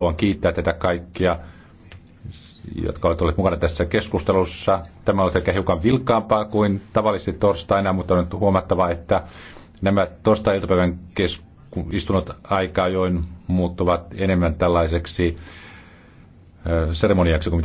Haluan kiittää tätä kaikkia, jotka ovat olleet mukana tässä keskustelussa. Tämä on ehkä hiukan vilkkaampaa kuin tavallisesti torstaina, mutta on nyt huomattava, että nämä torstai-iltapäivän istunnot aika join muuttuvat enemmän tällaiseksi seremoniaksi kuin